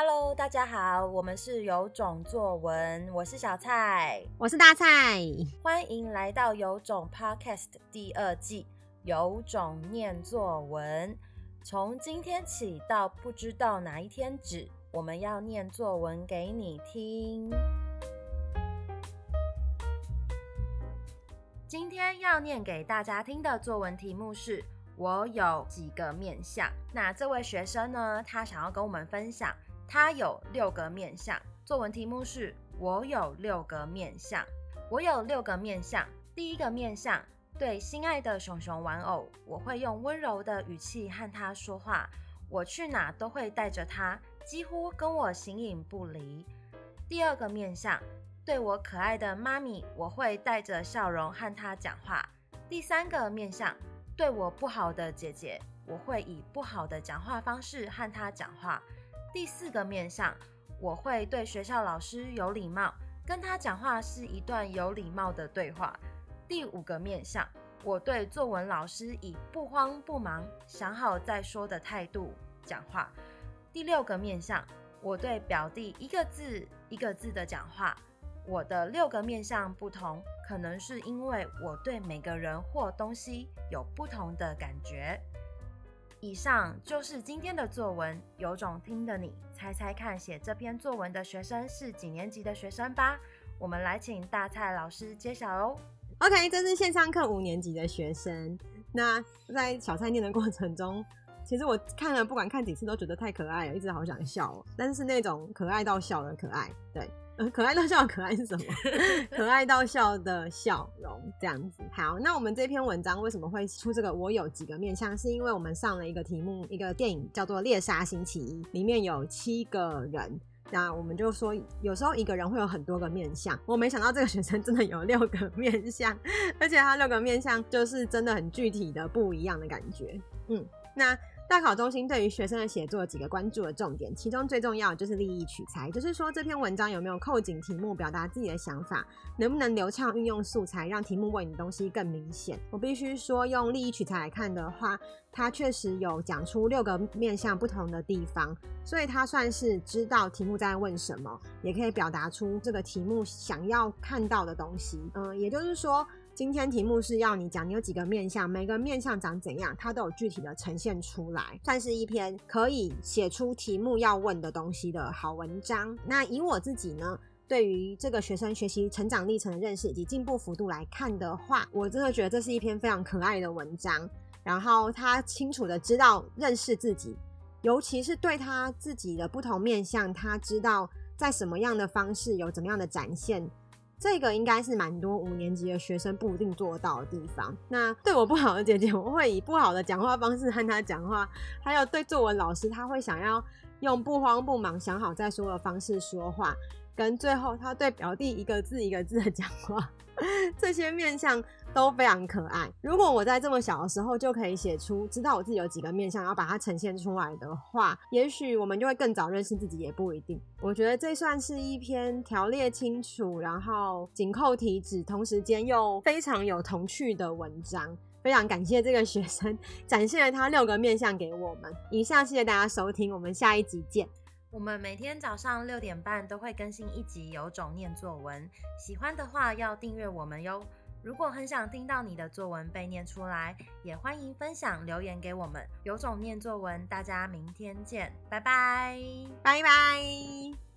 Hello，大家好，我們是有種作文，我是小蔡，我是大蔡，歡迎來到有種 Podcast 第二季，有種念作文，從今天起到不知道哪一天止，我們要念作文給你聽。今天要念給大家聽的作文題目是“我有幾個面向”。那這位學生呢，他想要跟我們分享。他有六個面向。作文題目是我：我有六個面向。我有六個面向。第一個面向，對心愛的熊熊玩偶，我會用溫柔的語氣和他說話。我去哪都會帶着他，幾乎跟我形影不離。第二個面向，對我可愛的媽咪，我會帶着笑容和他講話。第三個面向，對我不好的姐姐，我會以不好的講話方式和他講話。第四個面向，我會對學校老師有禮貌，跟他講話是一段有禮貌的對話。第五個面向，我對作文老師以不慌不忙、想好再說的態度講話。第六個面向，我對表弟一個字一個字的講話。我的六個面向不同，可能是因為我對每個人或東西有不同的感覺。以上就是今天的作文，有種聽的你猜猜看，寫這篇作文的學生是幾年級的學生吧？我們來請大蔡老師揭曉哦。OK，這是線上課五年級的學生。那在小蔡念的過程中。其實我看了不管看幾次都覺得太可愛了，一直好想笑哦。但是那種可愛到笑的可愛，對，呃、可愛到笑的可愛是什麼？ 可愛到笑的笑容這樣子。好，那我們這篇文章為什麼會出這個？我有幾個面向，是因為我們上了一個題目，一個電影叫做《獵殺星期一》，裡面有七個人。那我們就說，有時候一個人會有很多個面向。我沒想到這個學生真的有六個面向，而且他六個面向就是真的很具體的不一樣的感覺。嗯，那。大考中心對於學生的寫作有幾個關注的重點，其中最重要的就是立意取材，就是說這篇文章有沒有扣緊題目，表達自己的想法，能不能流暢運用素材，讓題目問你的東西更明顯。我必須說，用立意取材來看的話，它確實有講出六個面向不同的地方，所以它算是知道題目在問什麼，也可以表達出這個題目想要看到的東西。嗯，也就是說。今天題目是要你講，你有幾個面向，每個面向長怎樣，它都有具體的呈現出來，算是一篇可以寫出題目要問的東西的好文章。那以我自己呢，對於這個學生學習成長歷程的認識以及進步幅度來看的話，我真的覺得這是一篇非常可愛的文章。然後他清楚地知道認識自己，尤其是對他自己的不同面向，他知道在什麼樣的方式有怎麼樣的展現。這個應該是蠻多五年級的學生不一定做到的地方。那對我不好的姐姐，我會以不好的講話方式和他講話；還有對作文老師，他會想要用不慌不忙、想好再說的方式說話，跟最後他對表弟一個字一個字的講話，這些面向。都非常可愛。如果我在這麼小的時候就可以寫出知道我自己有幾個面向，要把它呈現出來的話，也許我們就會更早認識自己，也不一定。我覺得這算是一篇條列清楚，然後緊扣題旨，同時間又非常有童趣的文章。非常感謝這個學生展現了他六個面向給我們。以上，謝謝大家收聽，我們下一集見。我們每天早上六點半都會更新一集《有種念作文》，喜歡的話要訂閱我們喲。如果很想聽到你的作文被念出來，也歡迎分享留言給我們。有種念作文，大家明天見，拜拜，拜拜。